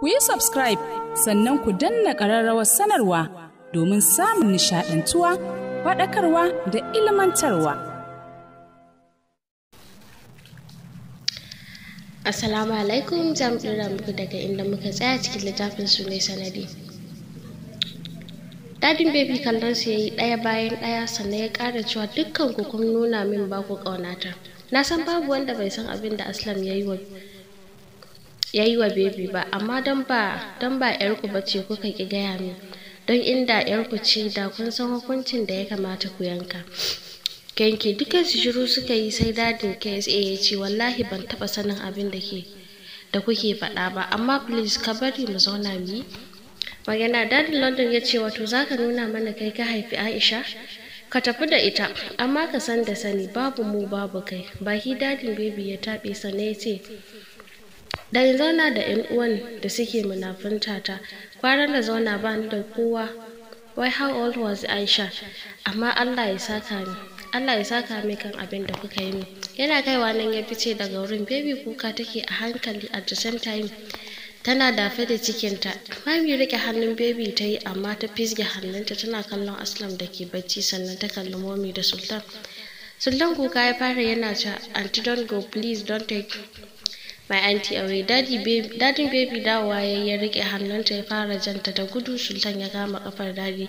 ku yi subscribe sannan ku danna ƙararrawar sanarwa domin samun nishaɗantuwa faɗakarwa da ilmantarwa. Assalamu alaikum jam muku daga inda muka tsaya cikin littafin su ne sanadi. Dadin baby kallon su yayi ɗaya bayan ɗaya sannan ya ƙara cewa dukkan ku kun nuna min ba ku ƙaunata. Na san babu wanda bai san abin da Aslam ya yi wa ya yi wa bebi ba amma don ba don ba yarku ba ce kuka ki gaya min don inda yarku ce da kun san hukuncin da ya kamata ku yanka yanke dukkan su shiru suka yi sai dadin KSA eh, ya ce wallahi ban taba sanin abin da ke da kuke faɗa ba amma please ka bari mu zauna mu magana dadin London ya ce wato zaka nuna mana kai ka haifi Aisha ka tafi da ita amma ka san da sani babu mu babu kai baki dadin baby ya taɓe sana ya ce da in zauna da 'yan uwan da suke munafunta ta kwarar da zauna ba ni da kowa wai how old was Aisha amma Allah ya saka ni Allah ya saka mai kan abin da kuka yi mu. yana kaiwa nan ya fice daga wurin baby kuka take a hankali at the same time tana dafe da cikinta mami rike hannun baby ta yi amma ta fisge hannunta tana kallon aslam da ke bacci sannan ta kalli momi da sultan sultan kuka ya fara yana cewa anti don go please don take my aunty away dadin baby dawowa ya ya rike hannunta ya fara janta da gudu sultan ya kama kafar dadi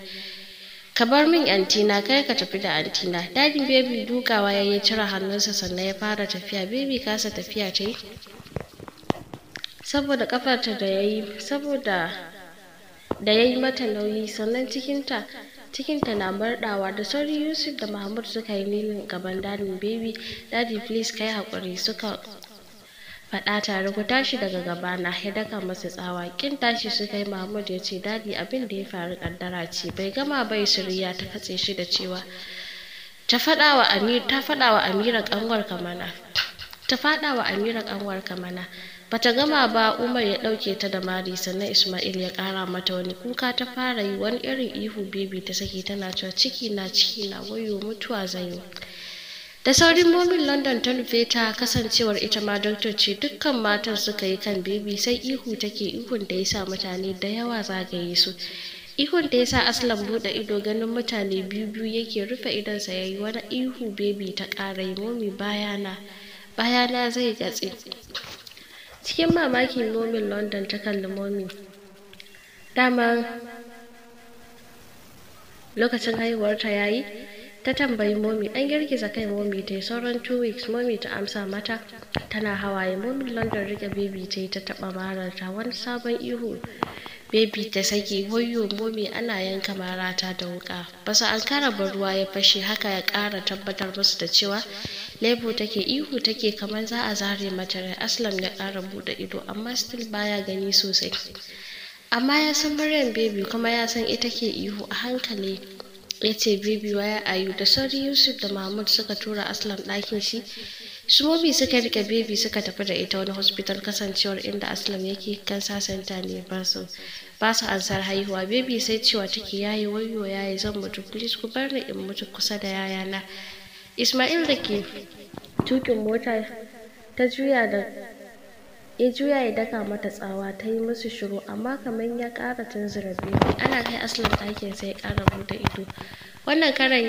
ka bar min antina kai ka tafi da antina daddy baby dukawa ya ya cire hannunsa sannan ya fara tafiya baby kasa tafiya ta yi saboda kafarta da yayi saboda da yayi mata nauyi sannan cikinta cikinta na murɗawa da sauri yusuf da mahmud suka yi nilin gaban dadin baby daddy please kai haƙuri suka faɗa tare ku tashi daga gaba na daka masa tsawa kin tashi su kai mahmud ya ce dadi abin da ya faru kaddara ce bai gama bai shirya ta katse shi da cewa ta faɗa wa amir ta faɗa wa amira kanwar kamana ta faɗa wa amira kanwar kamana bata gama ba umar ya ɗauke ta da mari sannan ismail ya ƙara mata wani kuka ta fara yi wani irin ihu bebi ta saki tana cewa ciki na ciki na wayo mutuwa zai yi da saurin momin london ta nufe ta kasancewar ita ma doktor ce dukkan matan suka yi kan bibi sai ihu take ihun da ya sa mutane da yawa zagaye su ihun da ya sa aslan bude ido ganin mutane biyu biyu yake rufe idonsa ya yi wani ihu bebi ta ƙara yi momi bayana zai gatsi cikin mamakin momin london ta kalli momi dama lokacin haihuwarta ya yi ta tambayi momi an girgiza kai momi ta yi sauran two weeks momi ta amsa mata tana hawaye momi london rike baby ta yi ta taba mararta wani sabon ihu baby ta sake hoyo momi ana yanka marata da wuka basu an kara bar ruwa ya fashe haka ya kara tabbatar musu da cewa lebo take ihu take kamar za a zare mata rai aslam ya kara bude ido amma still baya gani sosai amma ya san baby kuma ya san ita ke ihu a hankali ya ce bibi waya ayu da sauri yusuf da mahmud suka tura aslam ɗakin shi su momi suka rike bibi suka tafi da ita wani hospital kasancewar inda aslam yake kan sasanta ne basu ba su ansar haihuwa bibi sai cewa take yayi wayo yayi zan mutu please ku bar ni in mutu kusa da yayana ismail da ke tukin mota ta juya da ya juya ya daka mata tsawa ta yi musu shiru amma kamar ya kara tunzura bibi ana kai aslan ɗakin sai ya ƙara buɗe ido wannan karan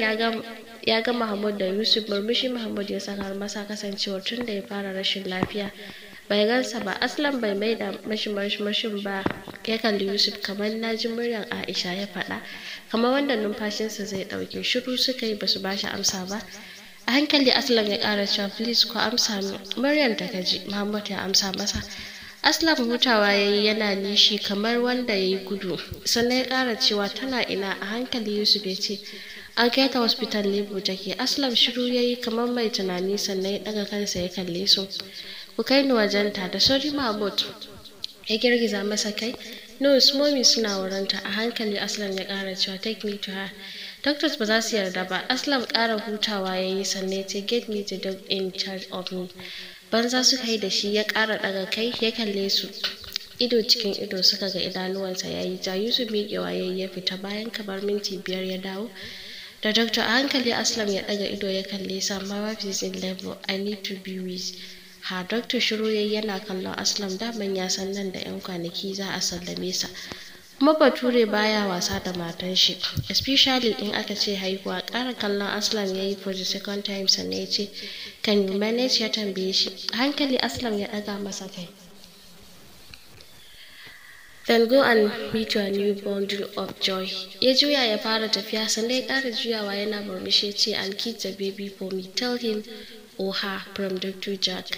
ya ga Mahmud da Yusuf murmushi Mahmud ya saka masa kasancewar tun da ya fara rashin lafiya bai gansa ba aslan bai mai da mashin ba ya kalli yusuf kamar na ji muryar aisha ya faɗa kamar wanda numfashinsa zai ɗauke shiru suka yi ba shi amsa ba a hankali aslam ya kara cewa please ko amsa mu, maryam ta gaji Muhammad ya amsa masa aslam hutawa ya yi yana nishi kamar wanda ya yi gudu sannan ya kara cewa tana ina a hankali yusuf ya ce an kai ta hospital lebu take aslam shiru ya yi kamar mai tunani sannan ya daga kansa ya kalle su ku kai ni ta, da sauri mahmud ya girgiza masa kai no momi suna wurinta a hankali aslam ya kara cewa take me to her Doctors ba za su yarda ba. Aslam ƙara hutawa ya yi sannan ya ce get me the dog in charge of me. Banza suka yi da shi ya ƙara ɗaga kai ya kalle su. Ido cikin ido suka ga idanuwansa ya yi ja Yusuf miƙewa ya yi ya fita bayan kamar minti biyar ya dawo. Da doctor a hankali Aslam ya ɗaga ido ya kalle sa my wife is in level I need to be with. Ha doctor shiru yi yana kallon Aslam daman ya san nan da 'yan kwanaki za a sallame sa. kuma bature baya wasa da matan shi especially in aka ce haihuwa ƙara kallon aslam ya yi for the second time sannan ya ce can you manage ya tambaye shi hankali aslam ya ɗaga masa kai Then go and meet your new bundle of joy. Ya juya ya fara tafiya sannan ya ƙara juyawa yana murmushi ya ce and keep the baby for me. Tell him or her from Dr. Jack.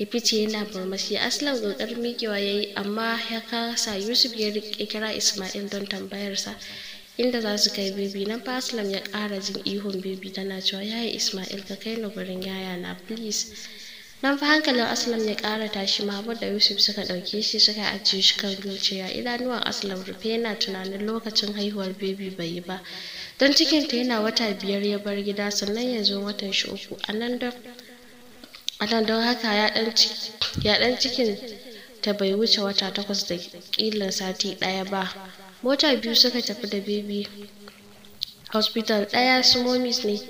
ya fice yana farmashi aslan ƙoƙarin mikewa ya yi amma ya kasa yusuf ya kira ismail don tambayarsa inda za su kai bebi nan fa aslam ya ƙara jin ihun bebi tana cewa yi ismail ka kai ni gurin yaya na please nan fa hankalin aslam ya ƙara tashi mahmud da yusuf suka ɗauke shi suka ajiye shi kan zuciya idanuwan aslam rufe yana tunanin lokacin haihuwar bebi bai yi ba don cikinta yana wata biyar ya bar gida sannan ya zo watan shi uku a nan don a don haka dan cikin ta bai wuce wata takwas da ƙilan sati ɗaya ba mota biyu suka tafi da bebi hospital ɗaya su momis ne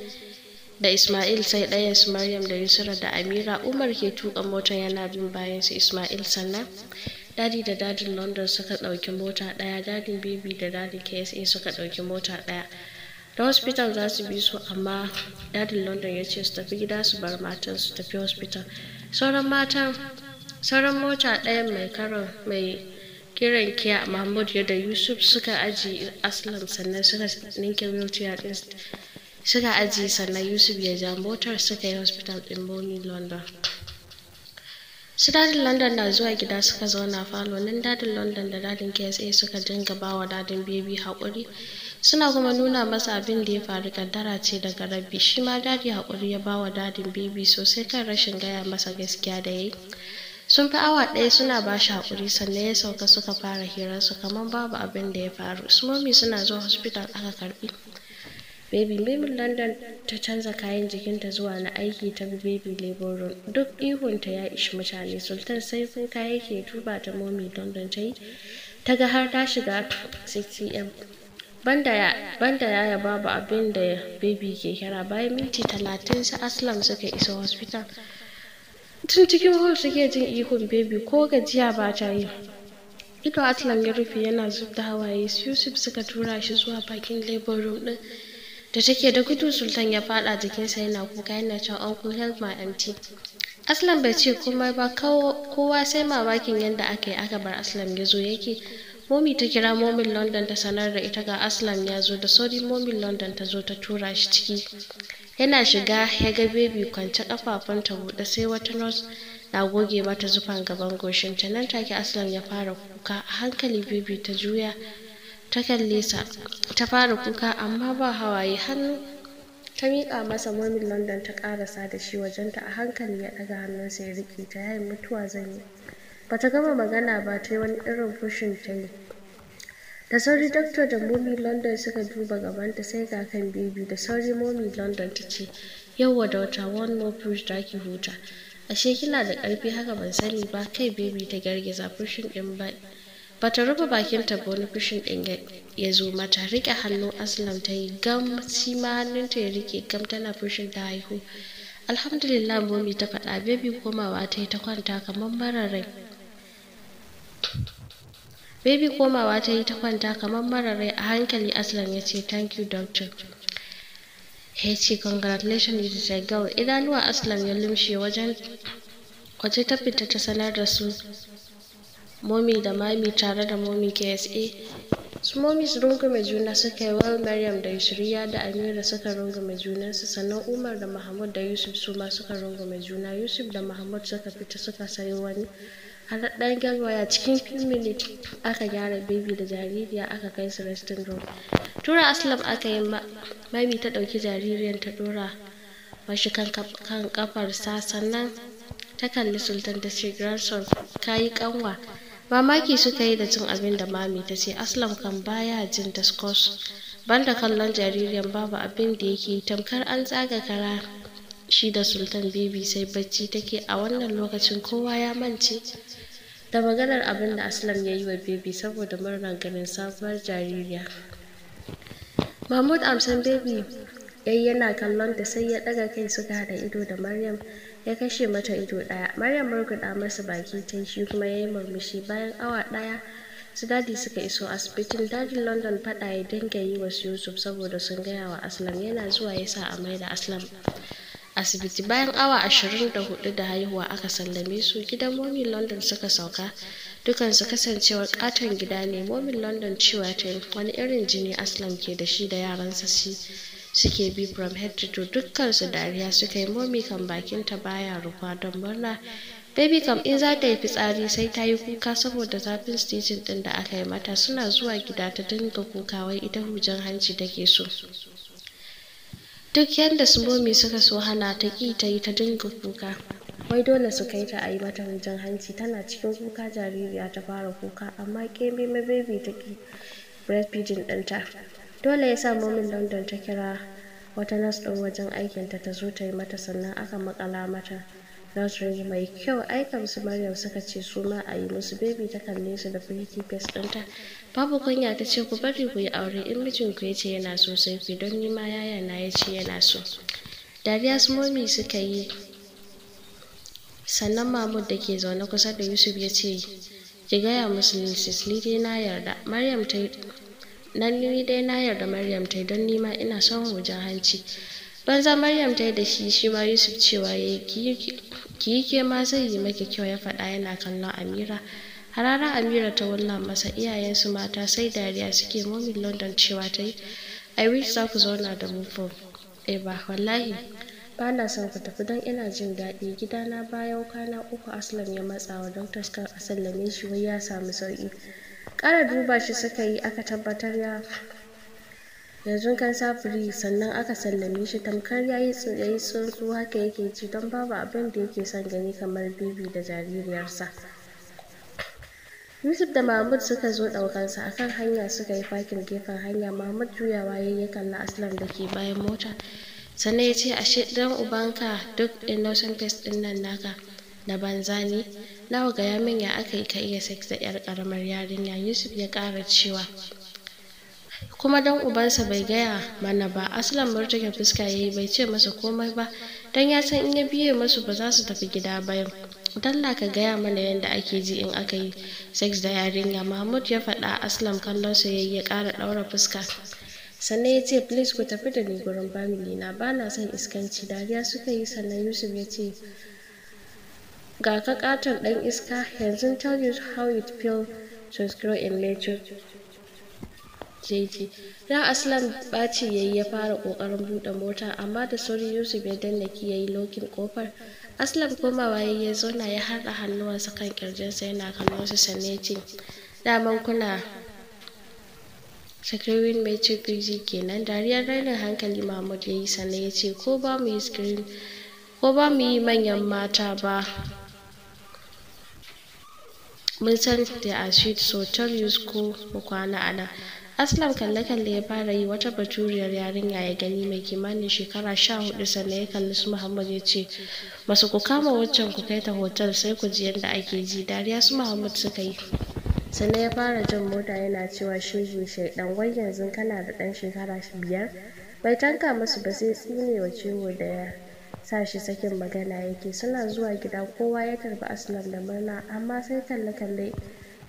da Ismail sai ɗaya su Maryam da Yusra da Amira Umar ke tuka motar yana bin bayan su Ismail sannan dadi da dadin London suka ɗauki mota ɗaya dadin baby da dadin KSA suka ɗauki mota ɗaya da hospital za su bi su amma dadin london ya ce su tafi gida su bar matan su tafi hospital sauran matan sauran mota ɗayan mai karon mai kiran kiya mahmud yadda yusuf suka aji aslam sannan suka ninke wheelchair din suka aji sannan yusuf ya ja motar suka yi hospital din boni london su dadin london na zuwa gida suka zauna falo nan dadin london da dadin ksa suka dinga bawa dadin bebi haƙuri suna kuma nuna masa abin da ya faru kaddara ce daga rabi shi ma dadi hakuri ya bawa dadin bibi sosai kan rashin gaya masa gaskiya da yayi sun fi awa ɗaya suna ba shi hakuri sannan ya sauka suka fara hirar su kamar babu abin da ya faru su mami suna zuwa hospital aka karbi Baby Baby London ta canza kayan jikinta zuwa na aiki ta Baby Labor Room. Duk ihunta ya ishi mutane, Sultan sai kun kaya ke duba ta momi London ta yi, ta ga har ta shiga 60 m Banda yaya babu abin da Baby ke kira, bayan minti talatin sa Aslam suka isa hospital. Tun cikin hol suke jin ikon Baby ko gajiya ba ta yi. ito Aslam ya rufe yana zub da hawaye Yusuf suka tura shi zuwa bakin labor room ɗin. da take da gudu sultan ya fada jikinsa yana kuka yana cewa uncle help my aslam bai ce kuma ba kowa sai mamakin yadda aka yi aka bar aslam ya zo yake Momi ta kira Momin London ta sanar da ita ga Aslam ya zo da sauri Momin London ta zo ta tura shi ciki. Yana shiga ya ga bebi kwance kafafun ta buɗe sai wata nurse na goge mata zufan gaban ta nan take Aslam ya fara kuka a hankali bebi ta juya ta kalle sa ta fara kuka amma ba hawaye hannu ta miƙa masa momin london ta ƙarasa da shi wajenta a hankali ya ɗaga hannunsa ya riƙe ta yayin mutuwa zan yi bata gama magana ba ta yi wani irin fushin ta yi da sauri doctor da momi london suka duba gabanta sai ga kan baby da sauri momi london ta ce yawwa da wata one more push da ake huta ashe kina da karfi haka ban sani ba kai baby ta girgiza fushin ɗin ba bata rufe bakinta ba wani fushin ɗin ya zo mata rike hannu aslam ta yi gam shi ma ta ya rike gam tana fushin ta haihu alhamdulillah momi ta faɗa baby komawa ta yi ta kwanta kamar mara rai Baby komawa ta yi ta kwanta kamar marar rai a hankali Aslam ya ce thank you doctor. Ya ce congratulations a girl. Idanuwa Aslam ya lumshe wajen waje ta fita ta sanar da su momi da mami tare da momi KSA. Su momi su rungume juna suka yi wal Maryam da yusriya da Amira suka rungume su sannan Umar da Mahmud da Yusuf su ma suka rungume juna. Yusuf da Mahmud suka fita suka sayo wani har ɗan waya, cikin filmin aka gyara baby da jaririya aka kai su resting room tura aslam aka yi mami ta ɗauki jaririyar ta ɗora mashi kan sannan ta kalli sultan ta ce grandson ka yi kanwa mamaki suka yi da cin abin da mami ta ce aslam kan baya jin discourse banda kallon jaririyar babu abin da yake tamkar an tsaga kara shi da sultan bibi sai bacci take a wannan lokacin kowa ya mance da maganar abin da Aslam ya yi wa Baby saboda murnar ganin sabuwar jaririya. Mahmud amsan Baby yayi yana kallon da sai ya daga kai suka hada ido da Maryam ya kashe mata ido ɗaya. Maryam murguda masa baki ta shi kuma ya yi murmushi bayan awa daya su dadi suka iso asibitin dadin London fada ya dinga yi wa Yusuf saboda sun gaya wa Aslam yana zuwa yasa sa a maida Aslam. asibiti bayan awa 24 da haihuwa aka sallame su gidan momi london suka sauka dukansu kasancewar katon gida ne momi london cewa ta wani irin jini aslam ke da shi da yaransa shi suke bi from head to toe dukkansu dariya suka yi momi kan bakin ta baya rufa don murna Baby kam in za ta yi fitsari sai ta yi kuka saboda zafin stitching ɗin da aka yi mata suna zuwa gida ta dinga kuka wai ita hujan hanci take so. duk yadda su bomi suka so hana ta ƙi ta yi ta dinga kuka wai dole su kai ta a yi mata wajen hanci tana cikin kuka jaririya ta fara kuka amma kebe mai ta ƙi breastfeeding ɗinta dole ya sa momin london ta kira wata nas ɗin wajen aikinta ta zo ta yi mata sannan aka maƙala mata za rage mai kyau Aika su maryam suka ce su ma a yi musu baby ta kalle su da pretty face ɗinta babu kunya ta ce ku bari ku yi aure in mijinku ya ce yana so sai ku don ni ma yaya na ya ce yana so dariya su momi suka yi sannan mahmud da ke zaune kusa da yusuf ya ce ki gaya musu mrs ni dai na yarda maryam ta nan ni dai na yarda maryam ta don ni ma ina son wajen hanci banza maryam ta yi da shi shi ma yusuf cewa ya yi ki yi ke ma zai yi maki kyau ya faɗa yana kallon amira harara amira ta wulla masa iyayensu mata sai dariya suke momin london cewa ta yi i wish za ku zauna da mu for ba wallahi ba na son ku tafi don ina jin daɗi gidana bayan kwana uku aslam ya matsa wa don kan a sallame shi wai ya samu sauƙi ƙara duba shi suka yi aka tabbatar ya yanzu kan firi sannan aka sallame shi tamkar ya yi tsuntsu haka yake ci don babu abin da yake son gani kamar bibi da jaririyarsa yusuf da mahmud suka zo ɗaukansa akan hanya suka yi fakin gefen hanya mahmud juyawa ya yi kalla aslam da ke bayan mota sannan ya ce ashe dan ubanka duk innocent test ɗin nan naka na banza ne nawa gaya min ya aka yi ka iya sex da yar karamar yarinya yusuf ya ƙara cewa kuma dan ubansa bai gaya mana ba aslan murtaka fuska yayi bai ce masa komai ba dan ya san in ya biye masu ba za su tafi gida ba yau dalla ka gaya mana yadda ake ji in aka yi sex da yarinya mahmud ya faɗa aslam kallon sa yayi ya ƙara ɗaura fuska sannan ya ce please ku tafi da ni gurin family na ba na son iskanci dariya suka yi sannan yusuf ya ce ga ka katon ɗan iska yanzu tell you how it feel to grow in nature jeji ran aslan ɓaci yayi ya fara ƙoƙarin buɗe mota amma da sauri yusuf ya danna ki yayi lokin kofar aslan komawa yayi ya zauna ya haɗa hannuwansa kan ƙirjinsa yana kallon wasu sannan ya ce daman kuna sakirin mai ce busy kenan dariyar rainin hankali mahmud ya yi sannan ya ce ko ba mu yi screen ko ba mu manyan mata ba mun san da a sweet so tell you ko mu kwana a nan Aslam kalle-kalle ya fara yi wata baturiyar yarinya ya gani mai kimanin shekara sha hudu sannan ya kalli su Muhammad ya ce masu ku kama waccan ku kai ta hotel sai ku ji yadda ake ji dariya su Muhammad suka yi. Sannan ya fara jan mota yana cewa shege shaidan wai yanzu kana da ɗan shekara biyar bai tanka masu ba sai tsine wa ciwo da ya sa shi sakin magana yake suna zuwa gida kowa ya karbi Aslam da murna amma sai kalle-kalle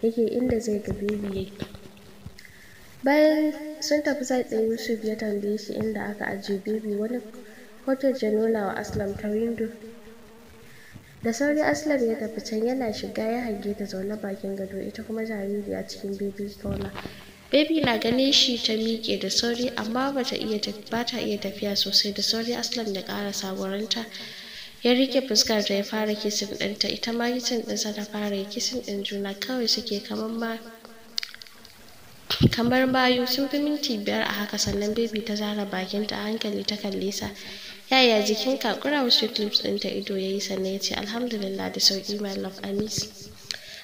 yake inda zai ga bebi yake. bayan sun tafi site ɗin yusuf ya tambaye shi inda aka ajiye bibi wani hotel ya nuna wa aslam ta windo da sauri aslam ya tafi can yana shiga ya hange ta zaune bakin gado ita kuma jariri a cikin baby stroller Baby na ganin shi ta miƙe da sauri amma bata iya ba ta iya tafiya sosai da sauri Aslam da ƙara sabuwarinta ya rike fuskar ta ya fara kisin ɗinta ita ma kisin ɗinsa ta fara kisin ɗin juna kawai suke kamar ma kamar bayu sun fi minti biyar a haka sannan baby ta zara bakinta a hankali ta kalle sa yaya jikinka kurawa sweet lips ta ido ya yi sannan ya ce alhamdulillah da sauki my love i miss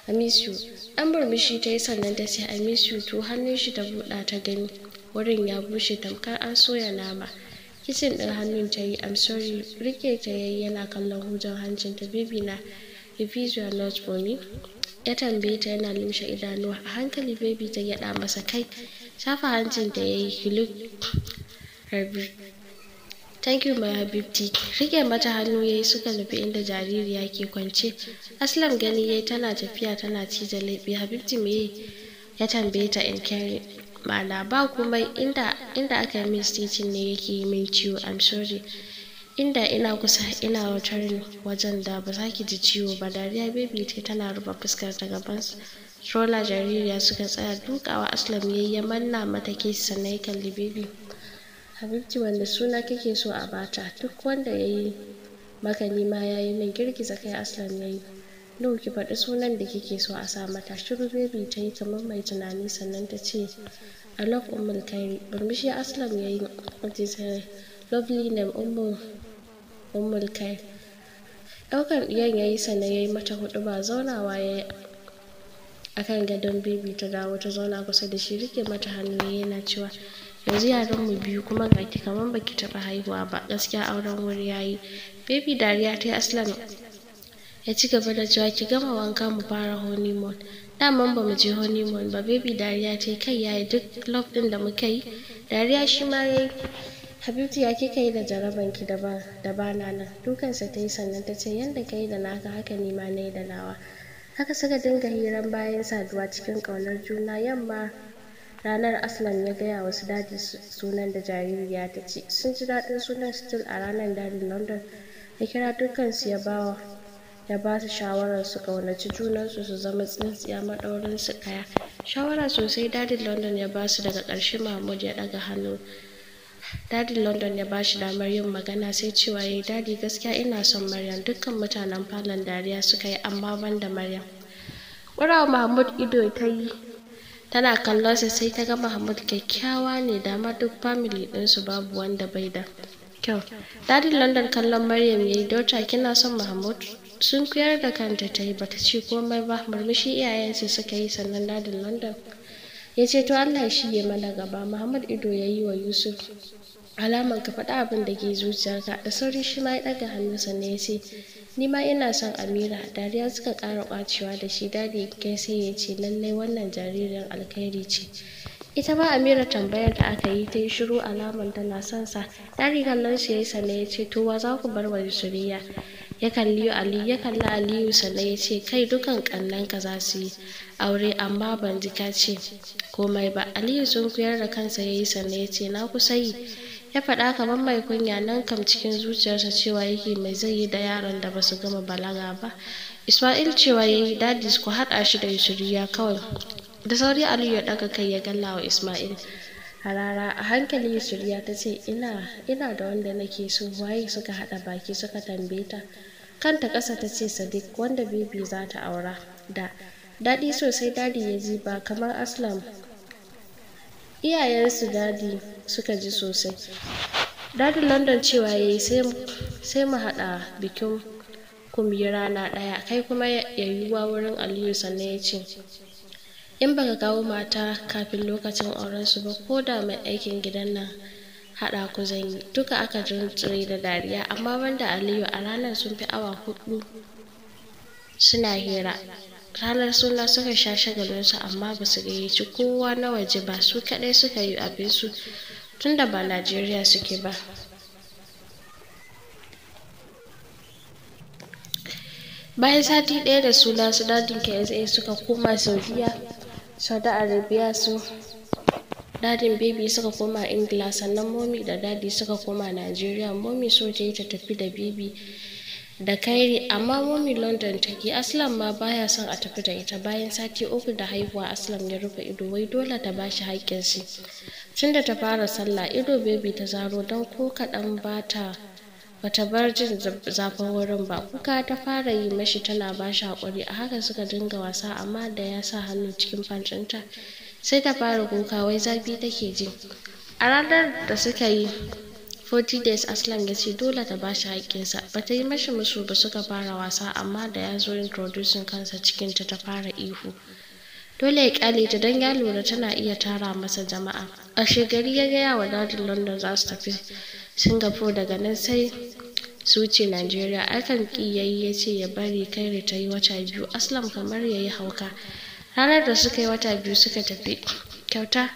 i miss you an murmushi ta yi sannan ta ce i miss you to hannun shi ta buɗa ta gani wurin ya bushe tamkar an soya nama kicin ɗin hannun ta yi i'm sorry rike ta yayi yana kallon hancin ta baby na if you are not for me ya tambaye ta yana lumshe idanuwa a hankali baby ta gyada masa kai shafa hancin ta yayi yi rabi thank you my habibti rike mata hannu ya yi suka nufi inda jaririya ke kwance aslam gani yayi tana tafiya tana ciza laifi habibti me ya tambaye ta in carry mana ba kuma inda aka yi min stitching ne yake yi min ciwo i'm sorry inda ina kusa ina wutar wajen da ba za ki ji ciwo ba dariya baby ce tana rufe fuskar ta gaban stroller jaririya suka tsaya dukawa aslam yayi ya manna mata kesi sannan ya kalli baby habibti wanda suna kake so a bata duk wanda yayi maka nima yayi min girgiza kai aslam yayi Nuhu ki faɗi sunan da kike so a sa mata. Shiru baby ta yi kamar mai tunani sannan ta ce I love Ummul Kairi. Burmishi Aslam ya yi lovely name Ummul ummul kai ɗaukar ɗiyan yayi yi sannan ya mata hudu ba zaunawa ya yi akan gadon bibi ta dawo ta zauna kusa da shi rike mata hannu yana cewa yanzu yaran mu biyu kuma ga ki kaman baki taba haihuwa ba gaskiya auren wuri yayi bibi dariya ta yi aslan ya ci gaba da cewa ki gama wanka mu fara honeymoon daman ba mu je honeymoon ba baby dariya ta yi kai yayi duk love din da muka yi dariya shi ma yayi Habibtu ya ka yi da jaraban ki da ba na nan dukansa ta yi sannan ta ce yadda ka da naka haka ni ma na da nawa haka suka dinga hiran bayan saduwa cikin ƙaunar juna yamma ranar aslam ya gaya wa su daji sunan da jaririya ta ci sun ji daɗin sunan still a ranar dadin london ya kira dukansu ya bawa ya ba su shawarar su kaunaci junansu su zama tsintsiya su ɗaya shawara sosai dadin london ya ba su daga ƙarshe mahmud ya ɗaga hannu Dadin London ya ba shi damar yin magana sai cewa ya yi, Dadi gaskiya ina son Maryam, dukkan mutanen falon dariya suka yi amma ban da Maryam. Wara Mahmud ido ta yi, tana kallonsa sai ta ga Mahmud kyakkyawa ne da ma duk famili ɗinsu babu wanda bai da kyau. Dadin London kallon Maryam ya yi, Dauta kina son Mahmud? Sun kuyar da kanta ta yi bata ce komai ba, murmushi iyayensu suka yi sannan Dadin London. ya ce to Allah shi ya mana gaba Mahmud Ido ya yi wa Yusuf alaman ka faɗa abin da ke zuciyarka da sauri shi ma ya ɗaga hannu sannan ya ce ni ma ina son amira dariya suka ƙara ƙwacewa da shi dadi kai sai ya ce lallai wannan jaririn alkhairi ce ita ma amira tambayar da aka yi ta yi shiru alaman tana son sa dadi kallon shi ya yi sannan ya ce to wa za ku bar wani suriya ya kalli aliyu ya kalli aliyu sannan ya ce kai dukan kallon ka za su yi aure amma ban ji ka ce komai ba aliyu sun koyar da kansa ya yi sannan ya ce na kusa yi ya faɗa kamar mai kunya nan kam cikin zuciyarsa cewa yake mai zai yi da yaran da basu gama balaga ba isma'il cewa ya yi dadis ku haɗa shi da shirya kawai da sauri aliyu ya ɗaga kai ya galla wa isma'il harara a hankali shirya ta ce ina da wanda nake so waye suka haɗa baki suka tambaye ta kanta ƙasa ta ce sadiq wanda bibi za ta aura da daɗi sosai dadi ya ji ba kamar aslam iyayensu dadi suka ji sosai Dadin london cewa ya yi sai mu haɗa bikin kumbi rana ɗaya kai kuma ya yiwuwa wurin aliyu sannan ya ce in baka kawo mata kafin lokacin aurensu ba ko da mai aikin gidan nan haɗa ku zan duka aka jintsire da dariya amma wanda aliyu a ranar sun fi awa hudu suna hira ranar suna suka sha shagalinsu amma ba su gayyaci kowa na waje ba su kadai suka yi abinsu tunda ba najeriya suke ba bayan sati ɗaya da suna su dadin ksa suka koma saudiya saudi arabia su dadin baby suka koma ingila sannan momi da dadi suka koma najeriya momi so ta tafi da baby da Kairi amma mummy London take Aslam ma baya son a tafi da ita bayan sati uku da haihuwa Aslam ya rufe ido wai dole ta bashi haƙƙin shi tunda ta fara sallah ido baby ta zaro don ko kaɗan ba bata bar jin zafin wurin ba kuka ta fara yi mashi tana ba shi haƙuri a haka suka dinga wasa amma da ya sa hannu cikin fancinta sai ta fara kuka wai zafi take ji a ranar da suka yi 40 days aslam ya ce dole ta bashi haƙƙinsa ba ta yi mashi musu ba suka fara wasa amma da ya zo introducing kansa cikinta ta fara ihu dole ya kyale ta don ya lura tana iya tara masa jama'a a shekari ya gaya wa dadin london za su tafi singapore daga nan sai su wuce nigeria akan ki ya ya ce ya bari kai ta yi wata biyu aslam kamar ya yi hauka ranar da suka yi wata biyu suka tafi kyauta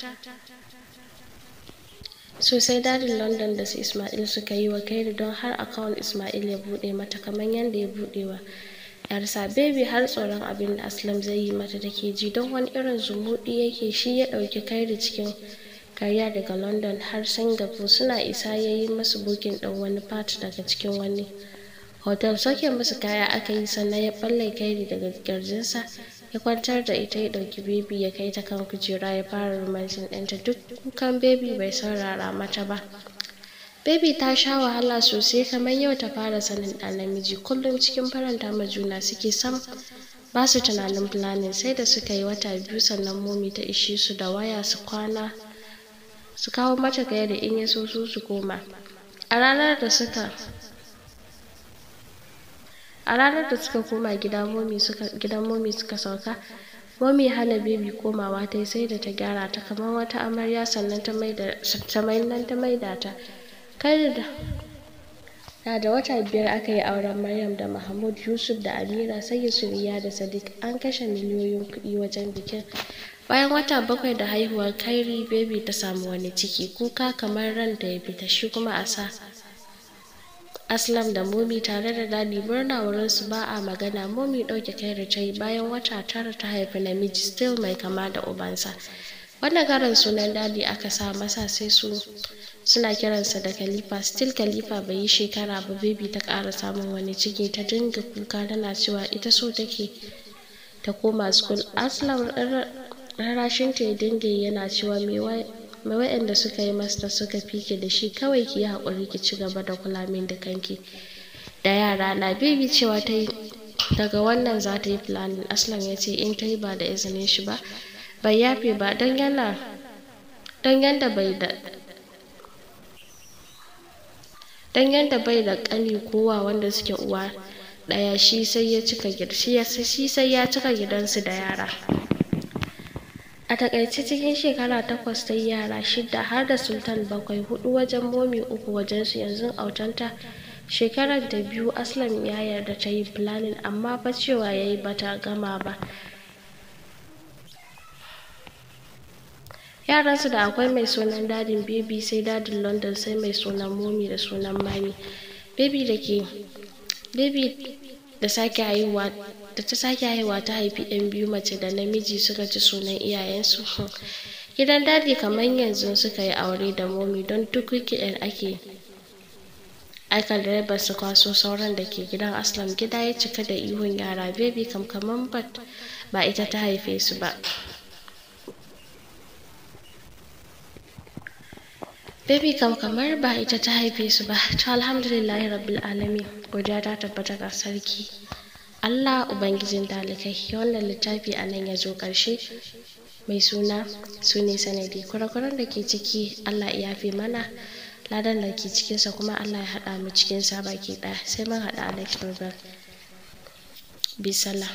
sosai dadin london da su ismail suka yi wa kairi don har akawun ismail ya buɗe mata kamar yadda ya wa yarsa baby har tsoron abin da aslam zai yi mata take ji don wani irin zumudi yake shi ya ɗauki kairi cikin karya daga london har singapore suna isa ya yi masu bukin dan wani fat daga cikin wani hotel soke musu kaya aka yi sannan ya balle kairi daga kirjinsa ya kwantar da ita ya ɗauki bebi ya kai ta kan kujera ya fara rumancin ɗinta duk kukan bebi bai saurara mata ba Baby ta sha wahala sosai kamar yau ta fara sanin ɗan namiji kullum cikin faranta ma juna suke sam ba su tunanin planning sai da suka yi wata biyu sannan momi ta ishe su da waya su kwana su kawo mata gaya da in ya so su koma a ranar da suka a ranar da suka koma gidan momi suka sauka momi hana bebi komawa ta sai da ta gyara ta kamar wata amarya sannan ta maida ta maida ta kai da na da wata biyar aka yi auren maryam da mahmud yusuf da amira sai suriya da sadiq an kashe miliyoyin kuɗi wajen bikin bayan wata bakwai da haihuwar kairi baby ta samu wani ciki kuka kamar ran da ya fita shi kuma a sa Aslam da Momi tare da dadi murna wurin su ba a magana Momi ɗauke kai da yi bayan wata tara ta haifi namiji still mai kama da ubansa. Wannan karin sunan dadi aka sa masa sai su suna kiransa da kalifa still kalifa bai yi shekara ba baby ta kara samun wani ciki ta dinga kuka tana cewa ita so take ta koma school. Aslam rarashin ta ya dinga yana cewa me ma waɗanda suka yi masta suka fike da shi kawai ki yi haƙuri ki ci gaba da kula min da kanki da yara na bibi cewa ta daga wannan za ta yi planning aslan ya ce in ta yi ba da izinin shi ba bai yafe ba don yana don yanda bai da don yanda bai da ƙani kowa wanda suke uwa ɗaya shi sai ya cika gidansu da yara a takaice cikin shekara takwas ta yara shida har da sultan bakwai hudu wajen momi uku wajen su yanzu autanta shekarar da biyu aslam ya yarda ta yi planin amma fa cewa ya yi bata gama ba yaransu da akwai mai sunan dadin baby sai dadin london sai mai sunan momi da sunan mami baby da ke baby da sake haihuwa da ta sake haihuwa ta haifi yan biyu mace da namiji suka ci sunan iyayensu gidan dadi kamar yanzu suka yi aure da momi don duk yan ake aika direban su kwaso sauran da ke gidan aslam gida ya cika da ihun yara bebi kamkaman bat ba ita ta haife su ba Baby kam kamar ba ita ta haife su ba, ta alhamdulillahi rabbil alamin, godiya ta tabbata ga sarki. Allah Ubangijin talikai wannan littafi a nan ya zo ƙarshe mai suna su ne sanadi kurakuran da ke ciki Allah ya fi mana ladan da ke cikinsa kuma Allah ya haɗa mu cikinsa baki ɗaya sai mun haɗa a next bisala